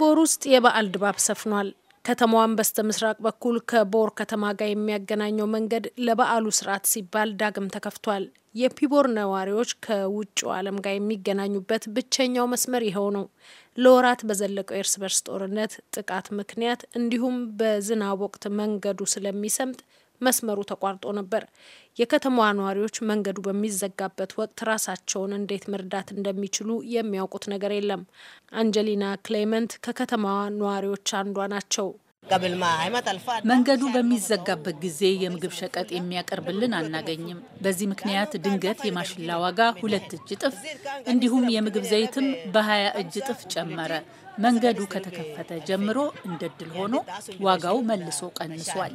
ቦር ውስጥ የበዓል ድባብ ሰፍኗል። ከተማዋን በስተ ምስራቅ በኩል ከቦር ከተማ ጋር የሚያገናኘው መንገድ ለበዓሉ ስርዓት ሲባል ዳግም ተከፍቷል። የፒቦር ነዋሪዎች ከውጭው ዓለም ጋር የሚገናኙበት ብቸኛው መስመር ይኸው ነው። ለወራት በዘለቀው የእርስ በርስ ጦርነት ጥቃት ምክንያት እንዲሁም በዝናብ ወቅት መንገዱ ስለሚሰምጥ መስመሩ ተቋርጦ ነበር። የከተማዋ ነዋሪዎች መንገዱ በሚዘጋበት ወቅት ራሳቸውን እንዴት መርዳት እንደሚችሉ የሚያውቁት ነገር የለም። አንጀሊና ክሌመንት ከከተማዋ ነዋሪዎች አንዷ ናቸው። መንገዱ በሚዘጋበት ጊዜ የምግብ ሸቀጥ የሚያቀርብልን አናገኝም። በዚህ ምክንያት ድንገት የማሽላ ዋጋ ሁለት እጅ ጥፍ እንዲሁም የምግብ ዘይትም በሀያ እጅ ጥፍ ጨመረ። መንገዱ ከተከፈተ ጀምሮ እንደድል ሆኖ ዋጋው መልሶ ቀንሷል።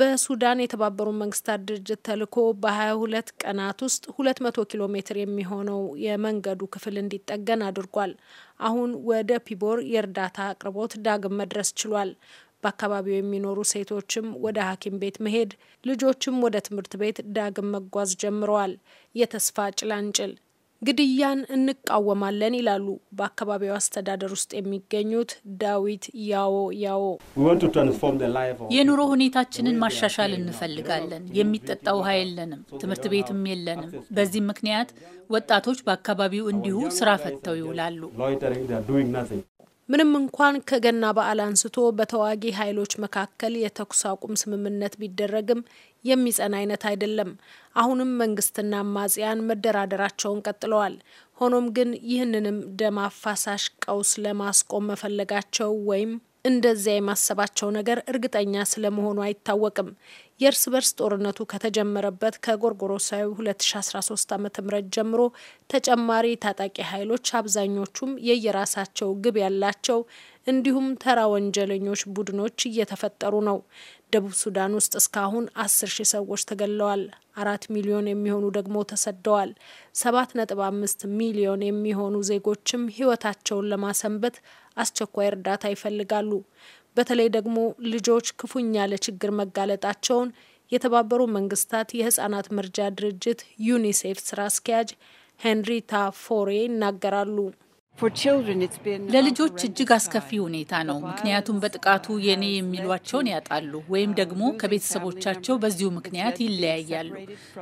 በሱዳን የተባበሩት መንግስታት ድርጅት ተልዕኮ በ22 ቀናት ውስጥ 200 ኪሎ ሜትር የሚሆነው የመንገዱ ክፍል እንዲጠገን አድርጓል። አሁን ወደ ፒቦር የእርዳታ አቅርቦት ዳግም መድረስ ችሏል። በአካባቢው የሚኖሩ ሴቶችም ወደ ሐኪም ቤት መሄድ፣ ልጆችም ወደ ትምህርት ቤት ዳግም መጓዝ ጀምረዋል። የተስፋ ጭላንጭል ግድያን እንቃወማለን ይላሉ በአካባቢው አስተዳደር ውስጥ የሚገኙት ዳዊት ያዎ ያዎ። የኑሮ ሁኔታችንን ማሻሻል እንፈልጋለን። የሚጠጣ ውሃ የለንም፣ ትምህርት ቤትም የለንም። በዚህ ምክንያት ወጣቶች በአካባቢው እንዲሁ ስራ ፈተው ይውላሉ። ምንም እንኳን ከገና በዓል አንስቶ በተዋጊ ኃይሎች መካከል የተኩስ አቁም ስምምነት ቢደረግም የሚጸን አይነት አይደለም። አሁንም መንግስትና አማጽያን መደራደራቸውን ቀጥለዋል። ሆኖም ግን ይህንንም ደም አፋሳሽ ቀውስ ለማስቆም መፈለጋቸው ወይም እንደዚያ የማሰባቸው ነገር እርግጠኛ ስለመሆኑ አይታወቅም። የእርስ በርስ ጦርነቱ ከተጀመረበት ከጎርጎሮሳዊ 2013 ዓ ም ጀምሮ ተጨማሪ ታጣቂ ኃይሎች አብዛኞቹም የየራሳቸው ግብ ያላቸው እንዲሁም ተራ ወንጀለኞች ቡድኖች እየተፈጠሩ ነው። ደቡብ ሱዳን ውስጥ እስካሁን አስር ሺህ ሰዎች ተገለዋል። አራት ሚሊዮን የሚሆኑ ደግሞ ተሰደዋል። ሰባት ነጥብ አምስት ሚሊዮን የሚሆኑ ዜጎችም ህይወታቸውን ለማሰንበት አስቸኳይ እርዳታ ይፈልጋሉ። በተለይ ደግሞ ልጆች ክፉኛ ለችግር መጋለጣቸውን የተባበሩ መንግስታት የህጻናት መርጃ ድርጅት ዩኒሴፍ ስራ አስኪያጅ ሄንሪታ ፎሬ ይናገራሉ። ለልጆች እጅግ አስከፊ ሁኔታ ነው። ምክንያቱም በጥቃቱ የኔ የሚሏቸውን ያጣሉ ወይም um, ደግሞ ከቤተሰቦቻቸው በዚሁ ምክንያት ይለያያሉ።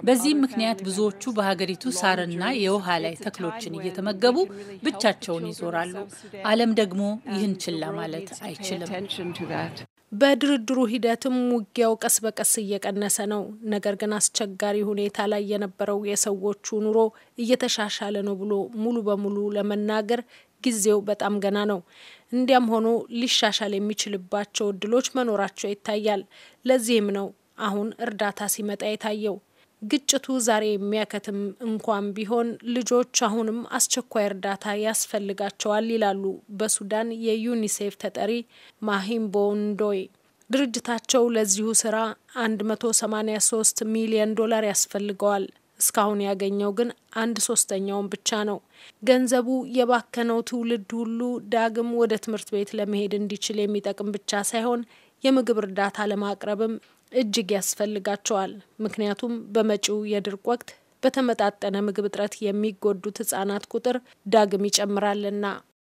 በዚህም ምክንያት ብዙዎቹ በሀገሪቱ ሳርና የውሃ ላይ ተክሎችን እየተመገቡ ብቻቸውን ይዞራሉ። ዓለም ደግሞ um, ይህን ችላ ማለት አይችልም። በድርድሩ ሂደትም ውጊያው ቀስ በቀስ እየቀነሰ ነው። ነገር ግን አስቸጋሪ ሁኔታ ላይ የነበረው የሰዎቹ ኑሮ እየተሻሻለ ነው ብሎ ሙሉ በሙሉ ለመናገር ጊዜው በጣም ገና ነው። እንዲያም ሆኖ ሊሻሻል የሚችልባቸው እድሎች መኖራቸው ይታያል። ለዚህም ነው አሁን እርዳታ ሲመጣ የታየው። ግጭቱ ዛሬ የሚያከትም እንኳን ቢሆን ልጆች አሁንም አስቸኳይ እርዳታ ያስፈልጋቸዋል ይላሉ በሱዳን የዩኒሴፍ ተጠሪ ማሂምቦ ንዶይ። ድርጅታቸው ለዚሁ ስራ 183 ሚሊዮን ዶላር ያስፈልገዋል። እስካሁን ያገኘው ግን አንድ ሶስተኛውን ብቻ ነው። ገንዘቡ የባከነው ትውልድ ሁሉ ዳግም ወደ ትምህርት ቤት ለመሄድ እንዲችል የሚጠቅም ብቻ ሳይሆን የምግብ እርዳታ ለማቅረብም እጅግ ያስፈልጋቸዋል። ምክንያቱም በመጪው የድርቅ ወቅት በተመጣጠነ ምግብ እጥረት የሚጎዱት ህጻናት ቁጥር ዳግም ይጨምራልና።